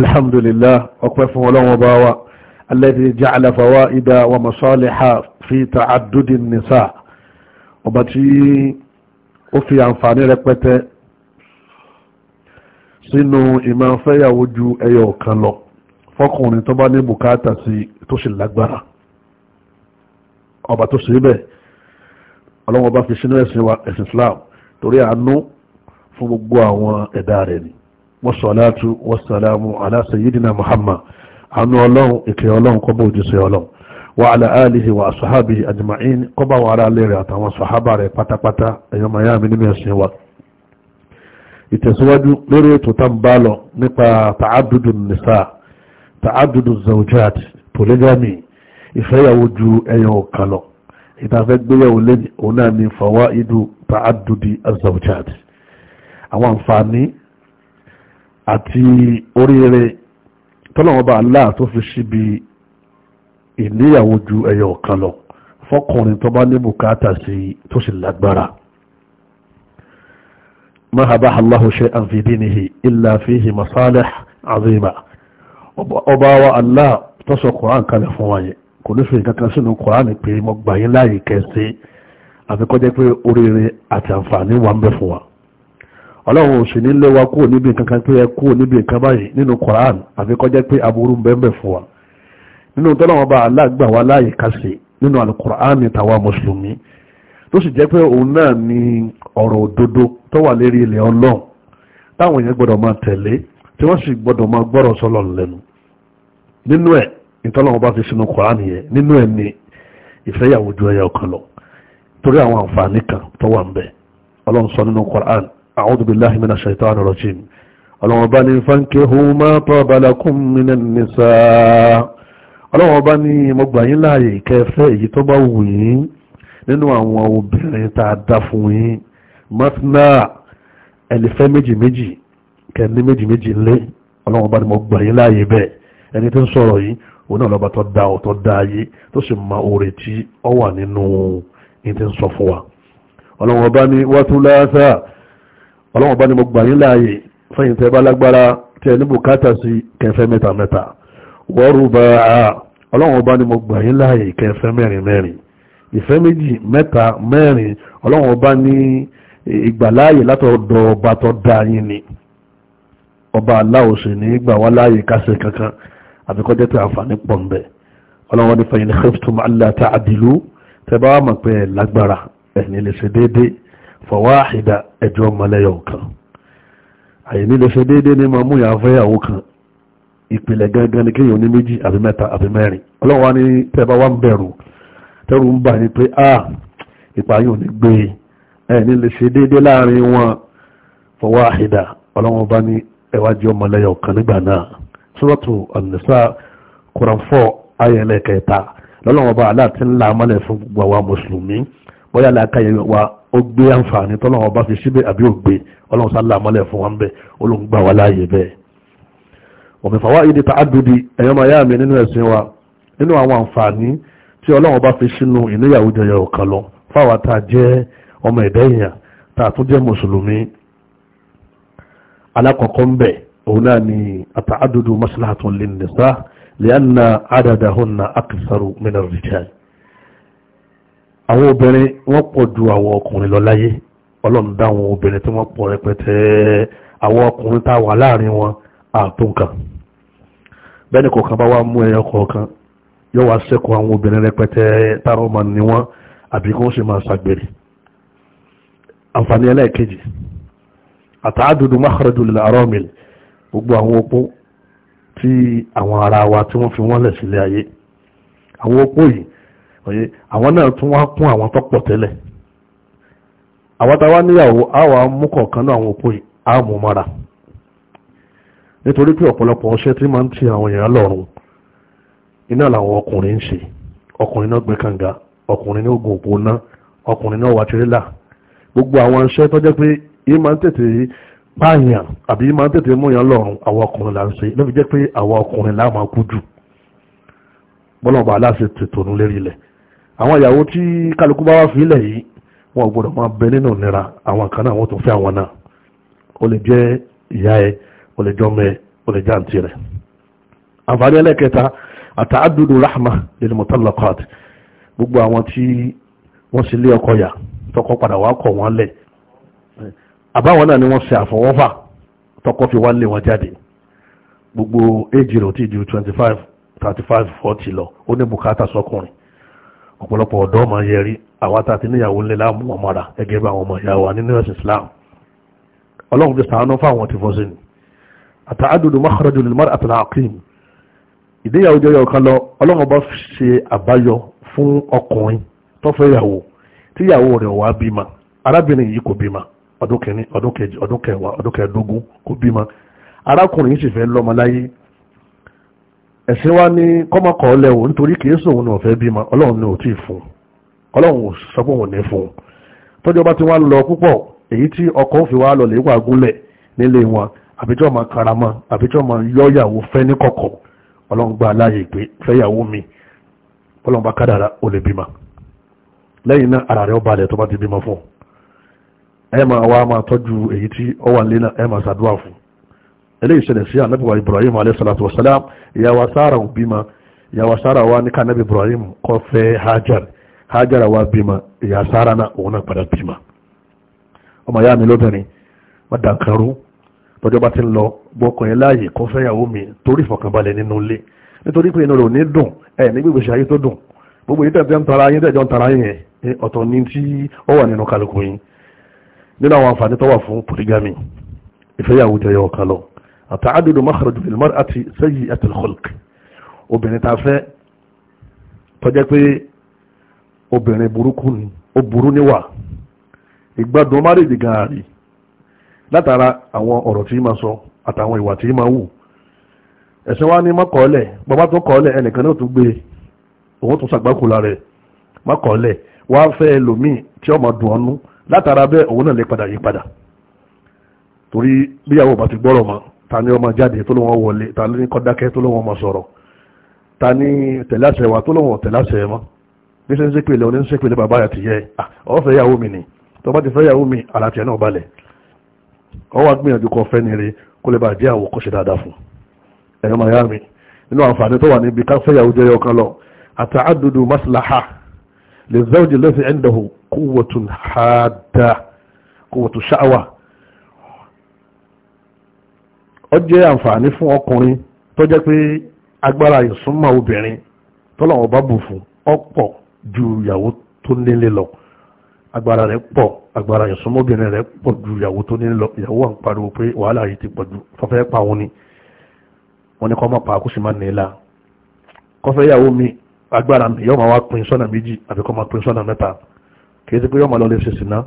alhamdulillah ọpẹ́ fún ọlọ́wọ́n bá wa alladhi ja'ala fawaida wa masaliha fi ta'addudi nisa ọba tí ó fi àǹfààní rẹpẹtẹ sínú ìmọ̀ fẹ́yàwó ju ẹyọ kan lọ fọ́kùnrin tó bá ní bùkátà sí tó sì lágbára ọba tó sì bẹ̀ ọlọ́wọ́n bá fi sínú ẹ̀sìn Islam torí àánú fún gbogbo àwọn ẹ̀dá rẹ̀ ni wasalaatu wasalaamu ala sayyidina muhammad anu ọlọ́run ìkẹ́ ọlọ́run kó bá òjíṣẹ́ ọlọ́run wa ala alihi wa asahabihi ajma'in kó bá wa ara lè rẹ̀ àtàwọn sahaba rẹ̀ pátápátá ẹ̀yọ́ miami nínú ẹ̀sìn wa ìtẹ̀síwájú lórí ètò tá ń bá lọ nípa ta'adudu nisa ta'adudu zawjat polygamy ìfẹ́yàwó ju ẹyọ kan lọ ìtafẹ́ gbéyàwó lẹ́yìn òun náà ni fawaidu ta'adudi azawjat àwọn àǹfààní àti oríire tọ́lọ́wọ́n bá aláà tó fi síbi ìníyàwó ju ẹyọ ọ̀kan lọ fọ́kùnrin tó bá ní bùkátà sí tó sì lágbára mahaba allahu shay'an fi dinihi illa fihi masalih azima ọba wa aláà tó sọ Qur'an kalẹ̀ fún wa yẹ kò ní fi kankan sínú Qur'an pé mo gbà yín láàyè kẹsí àfikọ́jẹ́ pé oríire àti àǹfààní wa ń bẹ fún wa ọlọ́run ò sì ní lé wa kúrò níbi kankan pé ẹ kúrò níbi nǹkan báyìí nínú Quran àfi kọjá pé aburú bẹ́ẹ̀ fún wa nínú tọ́lọ́wọ́n bá aláàgbà wa láàyè kásì nínú alukur'an tàwa mùsùlùmí tó sì jẹ́ pé òun náà ni ọ̀rọ̀ òdodo tó wà lérí ilẹ̀ ọlọ́run táwọn èèyàn gbọ́dọ̀ máa tẹ̀lé tí wọ́n sì gbọ́dọ̀ máa gbọ́rọ̀ sọ́lọ̀ lẹ́nu nínú ẹ̀ ìtọ́lọ́wọ́n bá fi ni ìfẹ́yàwó أعوذ بالله من الشيطان الرجيم ọlọ́wọ́ bá ní fankihu ma taba lakum minan nisa ọlọ́wọ́ bá ní mọ́gbà yín láàyè kẹfẹ́ èyí tó bá wù yín nínú àwọn obìnrin tá dá fún yín masna ẹlẹ́fẹ́ méjì méjì kẹ́ni méjì méjì lé ọlọ́wọ́ bá ní mọ́gbà yín láàyè bẹ́ẹ̀ ẹni tó ń sọ̀rọ̀ yìí òun náà lọ́ba tó dá ọ̀ tó dá ayé tó sì ma oore tí ọ wà nínú ní ti ń sọ fún wa ọlọ́wọ́ bá ní wàtúlá ọlọ́wọ́n bá ní mo gbà yín láàyè fẹ́yìn tẹ́ bá lágbára tẹ́ ní bùkátà sí kẹfẹ́ mẹ́ta mẹ́ta wọ́rù bá a ọlọ́wọ́n bá ní mo gbà yín láàyè kẹfẹ́ mẹ́rin mẹ́rin ìfẹ́ méjì mẹ́ta mẹ́rin ọlọ́wọ́n bá ní ìgbàláàyè látọ̀dọ̀ ọba tó dá yín ni ọba aláwọ̀ sì ní gbà wá láàyè kásẹ̀ kankan àbíkọ́jẹ́ tí àǹfààní pọ̀ ń bẹ̀ ọlọ́wọ́n ní fẹ́yìn khiftum alla ta'dilu tẹ́ ní fọwáhìdá ẹjọ́ mọ́lẹ́yọ̀ kan àyìní lè ṣe déédé ní ma mú ìyàfẹ́yàwó kan ìpìlẹ̀ gangan ní kéèyàn ní méjì àbí mẹ́ta àbí mẹ́rin ọlọ́wà ní tẹ́bá wá ń bẹ̀rù tẹ́rù ń bà ní pé a ìpààyàn ní gbé ẹ̀ní lè ṣe déédé láàrin wọn fọwáhìdá ọlọ́wọ́n bá ní ẹwájú ọmọlẹ́yọ̀ kan nígbà náà sọ́rọ́tù ọ̀nẹ́sà kùránfọ́ ayẹlẹ́kẹta lọ́lọ́wọ́n bá aláàtí ńlá amálẹ̀ fún gbogbo àwa mùsùlùmí bóyá làákàyè wa ó gbé àǹfààní tọ́lọ́wọ́n bá fi síbẹ̀ àbí ògbé ọlọ́run sálà mọ́lẹ̀ fún wa ń bẹ̀ olóńgbà wa láàyè bẹ́ẹ̀ òmìnfàwá ìdí tààdùdì ẹ̀yọ́ máa yá mi nínú ẹ̀sìn wa nínú àwọn àǹfààní tí ọlọ́run bá fi sínú ìníyàwó jẹyọ ọ̀kan lọ fáwa tá a jẹ́ ọmọ ẹ̀dẹ́ èèyàn tá a tún jẹ́ mùsùlùmí alákọ̀ọ́kọ́ ń bẹ̀ òun náà ni àwọn obìnrin wọ́n pọ̀ ju àwọn ọkùnrin lọ láyé ọlọ́run dá àwọn obìnrin tí wọ́n pọ̀ rẹpẹtẹ àwọn ọkùnrin tá a wà láàrin wọn ààtò nǹkan bẹ́ẹ̀ni kọ̀ọ̀kan bá wá mú ẹyọ kọ̀ọ̀kan yóò wá sẹ́kù àwọn obìnrin rẹpẹtẹ tára ọmọ ni wọ́n àbí kí wọ́n sì máa ṣàgbèrè àǹfààní ẹlẹ́ẹ̀kejì àtàádùdù mákàrẹ́jù lè àárọ̀ mi gbogbo àwọn opó tí àwọn ara wa tí wọ́n fi wọ́n lẹ̀ sílé ayé àwọn opó yìí oye àwọn náà tún wá kún àwọn tó pọ̀ tẹ́lẹ̀ àwọn tàwa níyàwó àwọn amúkọ̀ọ̀kan náà àwọn òpó àmúmọ́ra nítorí pé ọ̀pọ̀lọpọ̀ ọṣẹ́ tí máa ń ti àwọn èèyàn lọ́rùn iná làwọn ọkùnrin ń ṣe ọkùnrin náà gbé kànga ọkùnrin ní ogun òpó ná ọkùnrin náà wà tirẹ́là gbogbo àwọn iṣẹ́ tó jẹ́ pé yìí máa ń tètè pààyàn àbí máa ń tètè múyàn lọ́rùn àwọn ọkùnrin là ń ṣe ló fi jẹ́ pé àwọn ọkùnrin là máa kú jù bọ́lọ̀bà aláṣẹ tètò nú lérí ilẹ̀ àwọn ìyàwó tí kálukú bá wá fílẹ̀ yìí wọn gbọ́dọ̀ máa bẹ nínú ìnira àwọn kan náà wọ́n tún fẹ́ àwọn náà ó lè jẹ́ ìyá ẹ ó lè jọ mẹ ó lè já àǹtí rẹ̀ àǹfààní ẹlẹ́kẹta àtàádùdù rahma lil mutallaqat gbogbo àwọn tí wọ́n sì lé ọkọ yà tọkọ padà wá kọ̀ wọ́n lẹ̀ àbáwọn náà ni wọ́n ṣe àfọwọ́fà tọkọ fi wá lé wọn jáde gbogbo éjì rẹ̀ ò tí ju twenty five thirty five forty lọ ó ní bùkátà sọkùnrin ọ̀pọ̀lọpọ̀ ọ̀dọ́ ma yẹ rí àwátá àti níyàwó ńlẹ̀ láàmú ọmọ ara bá àwọn ọmọ ìyá nínú ẹ̀sìn Islam ọlọ́run ti sàánú fáwọn ti fọ́sí ni àtàádùdù mákàrọ̀jù lè mara àtàlà akim ìdíyàwó jẹ́ yọ̀ọ̀kan lọ ọlọ́run bá ṣe àbáyọ fún ọkùnrin tó fẹ́ yàwó tí yàwó rẹ̀ wá bímọ arábìnrin yìí kò bímọ ọdún kẹni ọdún kẹwàá ọdún kẹẹ̀dógún kò bímọ arákùnrin yìí sì fẹ́ lọ́mọ láyé ẹ̀sìn wa ní kọ́mọkọ̀ lẹ́wọ̀n nítorí kìí sóun náà fẹ́ bímọ ọlọ́run ní òtí fún ọlọ́run sọ ní fún tọ́jú ọba tí wọ́n lọ púpọ̀ èyí tí lọ nílé wọn àbíjọ́ karama àbíjọ́ máa yọ́yàwó fẹ́ ní kọ̀kọ̀ ọlọ́run gba aláyè pé fẹ́yàwó mi ọlọ́run bá kádàrà ó lè bímọ lẹ́yìn náà ara rẹ̀ ó balẹ̀ tó ti bímọ fún máa wá máa eléyìí ṣẹlẹ̀ sí ànábì wa Ibrahim alayhi salatu wa salam ìyàwó Sára ò bímọ ìyàwó Sára wa ní kànábì Ibrahim kọ́ fẹ́ Hajar Hajar wa bímọ ìyá Sára náà òun náà padà bímọ ọmọ ìyá mi lóbìnrin wọ́n dànkarú tọ́jọ́ bá ti ń lọ gbọ́kàn yẹn láàyè kọ́ fẹ́yàwó mi torí ìfọ̀kànbalẹ̀ nínú ilé nítorí pé inú rẹ̀ ò ní dùn ẹ̀ ní gbígbèsè ayé tó dùn gbogbo yìí tẹ̀jọ́ ń tara yín tẹ̀jọ́ ń tara yín ọ̀tọ̀ ní tí ó wà nínú kálukú yín nínú àwọn àǹfààní tó wà fún polygamy ìfẹ́yàwó jẹyọ ọ̀kan lọ àtàádùdù makhraj fil mar'ati sayyi'atul khulq obìnrin ta fẹ́ tọ́jẹ́ pé obìnrin burúkú ni ó burú níwà ìgbádùn márèdì gan àrí látara àwọn ọ̀rọ̀ tí ma sọ àtàwọn ìwà tí ma wù ẹ̀sìn wa ni mọ́kọ̀ọ́lẹ̀ bàbá tó kọ̀ọ́lẹ̀ ẹnìkan náà tún gbé òun tún sàgbákùlà rẹ̀ mọ́kọ̀ọ́lẹ̀ wá fẹ́ ẹlòmíì tí ọmọ dùn ọ́nú látara bẹ́ẹ̀ òun náà lè padà yí padà torí bíyàwó bá ti gbọ́rọ̀ mọ́ ta ni ọmọ jáde tó lóun wọlé ta ni kọ́dákẹ́ tó lóun ọmọ sọ̀rọ̀ ta ni tẹ̀láṣẹ̀ wa tó lóun tẹ̀láṣẹ̀ mọ́ bí ṣe ń ṣépele oní ń ṣépele bàbá àti yẹ ọ ah, fẹ́ yàwó mi ni tó bá ti fẹ́ yàwó mi àlàtì náà balẹ̀ ọ wá gbìyànjú kọ fẹ́ nire kó lè bá jẹ́ àwọ̀ kó dáadáa fún ẹ̀yọ́ màá yá mi nínú àǹfààní tó wà níbi ká fẹ́ yàwó jẹ́ ọkàn lọ àtàádùdù maslaha lè zẹ́wọ̀dì lẹ́sìn ẹ̀ńdàhù kúwọ̀tún háàdà kúwọ̀tún ṣáwà ó jẹ́ àǹfààní fún ọkùnrin tó jẹ́ pé agbára ìsúnmọ́ obìnrin tọ́lọ́wọ́ bá bù fún ọ̀pọ̀ ju ìyàwó tó nílé lọ agbára rẹ̀ pọ̀ agbára ìsúnmọ́ obìnrin rẹ̀ pọ̀ ju ìyàwó tó nílé lọ ìyàwó à ń pariwo pé wàhálà yìí ti pọ̀ ju fọ́fẹ́ pa òun ni wọ́n ní kọ́ máa pa àkúsì máa nílá kọ́fẹ́ ìyàwó mi agbára mi yọ́ máa wá pin sọ́nà méjì àbí kọ́ máa pin sọ́nà mẹ́ta kì í ti pé yọ́ máa lọ lè ṣe sìná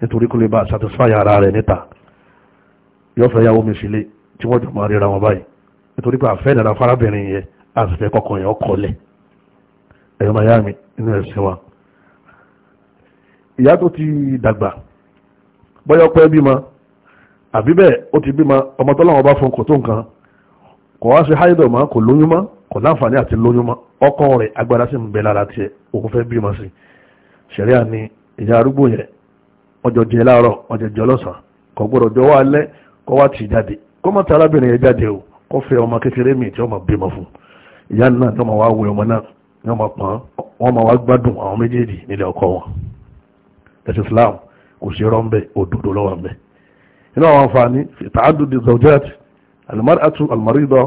nítorí kó lè bá satisfy ara rẹ̀ níta yọ́ fẹ́ ìyàwó mi sílé tí wọ́n jọ máa ríra wọn báyìí nítorí pé àfẹ́ ìdára fárábìnrin yẹn àfẹ́ kọkàn yẹn ọkọlẹ̀ ẹ̀yọ́ mi nínú ẹ̀sìn wa ìyá tó ti dàgbà bọ́yọ́ pẹ́ bímọ àbí bẹ́ẹ̀ ó ti bímọ ọmọ tọ́lọ́wọ́n bá fún kò tó nǹkan kò wá háyédọ̀ mọ́ kò lóyún ọkọ rẹ̀ agbára sí ń bẹ lára tiẹ̀ òun fẹ́ bímọ sí ni ìyá arúgbó yẹn ọjọ́ jẹ láàárọ̀ ọjọ́ jẹ ọlọ́sàn kò gbọ́dọ̀ jọ wá alẹ́ kọ́mọ̀tà arábìnrin yẹn jáde o kọ́ fẹ́ ọmọ kékeré mi tí wọ́n máa bímọ fún ìyá náà tí wọ́n máa wá wẹ ọmọ náà ní wọ́n máa pọ́n wọ́n máa wá gbádùn àwọn méjèèjì nílẹ̀ ọkọ wọn ẹ̀sìn Islam kò sí rọ́ ńbẹ òdodo lọ́wọ́ ńbẹ inú àwọn àǹfààní tààdùdì zawjat almaratu almarida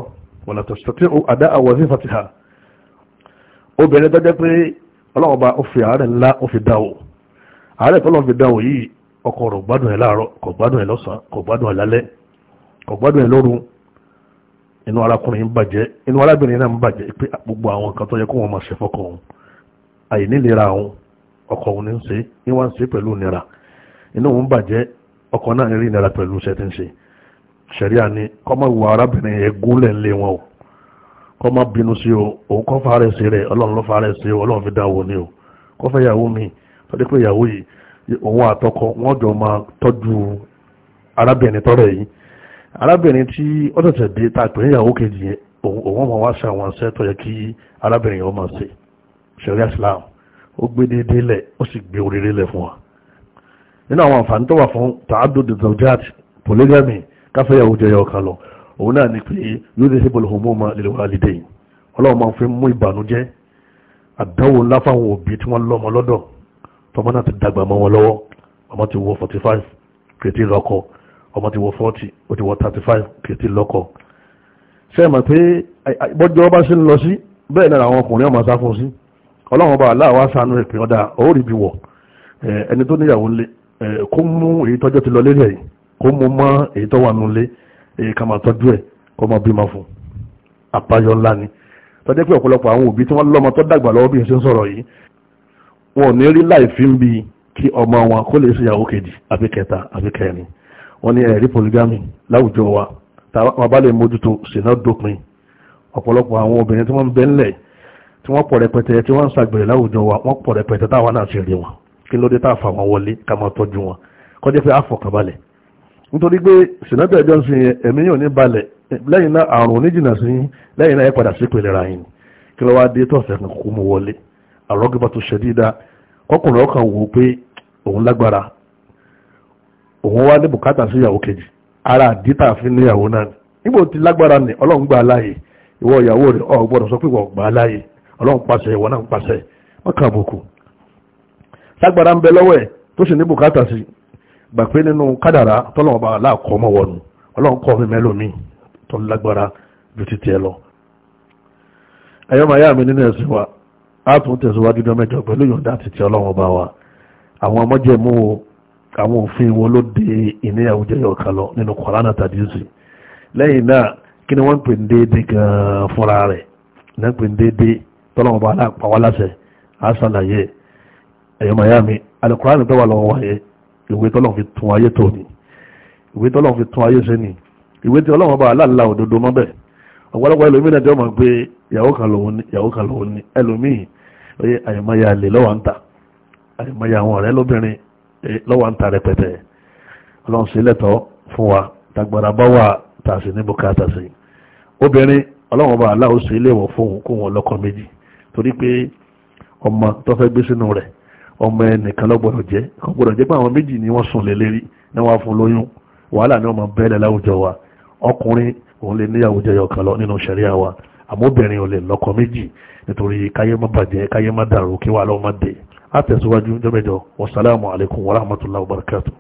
wala tastati'u adaa wazifatiha obìnrin tó pé ọlọ́wọ́n ó fi àárẹ̀ ńlá ó fi dáwò àárẹ̀ tó lọ́n fi dáwò yìí ọkọ rò gbádùn ẹ̀ láàárọ̀ kò gbádùn ẹ̀ lọ́sàn-án kò gbádùn ẹ̀ lálẹ́ kò gbádùn ẹ̀ lóru inú arákùnrin ń bàjẹ́ inú arábìnrin náà ń bàjẹ́ pé gbogbo àwọn nǹkan tó yẹ kó wọn máa ṣe fọkọ òun àìnílera òun ọkọ òun ní ń ṣe ní wá ń ṣe pẹ̀lú ìnira inú òun bàjẹ́ ọkọ náà rí ìnira pẹ̀lú iṣẹ́ tí ń ṣe ṣẹ̀ríà ni kọ́mọ ìwà arábìnrin yẹn gúnlẹ̀ ńlẹ̀ wọn o kọ́mọ bínú sí o òun kọ́ fàárẹ̀ sí rẹ̀ ọlọ́run ló fàárẹ̀ sí o ọlọ́run fi dá wo ni o kọ́ fẹ́ ìyàwó mi tọ́jú pé ìyàwó yìí òun àtọkọ wọ́n jọ máa tọ́jú arábìnrin tọ́rẹ̀ yìí arábìnrin tí ó tẹ̀sẹ̀ dé ta pè ní ìyàwó kejì yẹn òun ọmọ wá ṣe àwọn tó yẹ kí arábìnrin yẹn ṣe ṣẹ̀rí islam ó gbé déédéé lẹ̀ ó sì gbé oríire lẹ̀ fún wa nínú àwọn àǹfààní tó wà fún ta'addud zawjat polygamy káfẹ́yàwó jẹyọ kan lọ òun náà ni pé yóò dé síbò lòun mú ma lil walidayn ọlọ́run máa fi mú ìbànújẹ́ àdánwò ńlá fáwọn òbí tí wọ́n lọ́mọ lọ́dọ̀ tọmọ náà ti dàgbà mọ́ wọn lọ́wọ́ ọmọ ti wọ 45 kìrìtì lọ́kọ̀ọ́ ọmọ ti wọ 40 ó ti wọ 35 kì í ti lọ́kọ ṣe mọ̀ pé bọ́jọ́ bá ṣe ń lọ sí bẹ́ẹ̀ náà àwọn ọkùnrin ọmọ sáfún sí ọlọ́run bá aláwa sànú ìpín ọ̀dà òórì bí wọ̀ ẹni tó níyàwó lé kó mú èyí tọ́jọ́ ti lọ lé rẹ̀ kó mú mọ́ èyí tó wà nù lé èyí ká máa tọ́jú ẹ̀ kó máa bímọ fún àbáyọ ńlá ni tọ́jọ́ pé ọ̀pọ̀lọpọ̀ àwọn òbí tí wọ́n lọ́mọ tó dàgbà lọ́wọ́ bí n ṣe ń sọ̀rọ̀ yìí wọn ò ní rí láì fi ń bi kí ọmọ wọn kó lè ṣèyàwó kejì àbí kẹta àbí kẹrin wọ́n ní ẹ̀rí polygamy láwùjọ wa táwọn bá lè mójútó ṣìnà dópin ọ̀pọ̀lọpọ̀ àwọn obìnrin tí wọ́n ń bẹ ńlẹ̀ tí wọ́n pọ̀ rẹpẹtẹ tí wọ́n ń ṣàgbèrè láwùjọ wa wọ́n pọ̀ rẹpẹtẹ táwọn náà ti rí wọn kí ló dé tá a fà wọn wọlé ká máa tọ́jú wọn kọjá pé àfọkànbalẹ̀ nítorí pé sinadà ẹjọ́ ń sin ẹ̀mí yóò ní balẹ̀ lẹ́yìn náà àrùn oníjìnà sí lẹ́yìn náà ẹ padà sípò ìlera yìí kí ló wá dé tọ̀sẹ̀ kan kó mu wọlé àrọ́gbẹ́bà tó ṣẹ̀dídà kọkùnrin ọkàn wò pé òun lágbára òun wá ní bùkátà sí ìyàwó kejì ara àdítà fi ní ìyàwó náà nígbò tí lágbára ni ọlọ́run gbà láàyè ìwọ ìyàwó rẹ̀ ọ gbọ́dọ̀ sọ pé wọ́n gbà láàyè ọlọ́run pàṣẹ ìwọ náà pàṣẹ wọ́n kà bùkù lágbára ń bẹ lọ́wọ́ ẹ̀ tó sì ní bùkátà sí gbà pé nínú kádàrá tọ́lọ́run bá láàkọ́ mọ́ wọnù ọlọ́run kọ́ mi mẹ́lòmíì tó lágbára ju ti tiẹ̀ lọ ẹ̀yọ́ àwọn òfin wo ló dé ìníyàwó jẹyọ kan lọ nínú kọ̀ránà tàdíyèsí lẹ́yìn náà kí ni wọ́n ń pè ní déédéé gan-an fúnra rẹ̀ náà ń pè ní déédéé tọ́lọ́mọ bá aláàpáwá láṣẹ àṣàlàyé ẹ̀yọ́ miami alukọ́ránì tó wà lọ́wọ́ wáyé ìwé tọ́lọ́mọ fi tún ayé tó ni ìwé tọ́lọ́mọ fi tún ayé ṣe ni ìwé tí ọlọ́mọ bá aláàlá òdodo mọ́ ọ̀pọ̀lọpọ̀ ni ìyàwó kan ni ẹlòmíì ẹ̀yọ́ miami alè lọ́wọ́ ń ta ẹ̀yọ́ miami àwọn Eh, lọ́wọ́ ń ta rẹpẹtẹ ọlọ́run sí lẹ́tọ̀ fún wa tàgbàrà bá wà tàṣì ní bùkátà sí obìnrin ọlọ́run ọba aláwọ̀ sí ilé ìwọ̀n fún kó wọn lọ́kọ méjì torí pé ọmọ tó fẹ́ gbé sínú rẹ̀ ọmọ ẹnìkan lọ́gbọ̀dọ̀ jẹ́ kò gbọ́dọ̀ jẹ́ pé àwọn méjì ni wọ́n sùn lé lérí ní wọ́n á fún lóyún wàhálà ni wọ́n bẹ́ẹ̀lẹ̀ láwùjọ wa ọkùnrin òun lè níyàwó jẹyọ kan lọ nínú ṣẹ̀ríà wa àmọ́ obìnrin ò lè lọ́kọ méjì nítorí káyé má bàjẹ́ káyé má dàrú kí wàhálà ó dé àtẹ̀síwájú jọ́mẹ́jọ wasalaamu alaykum wa rahmatulahi wa barakatuh.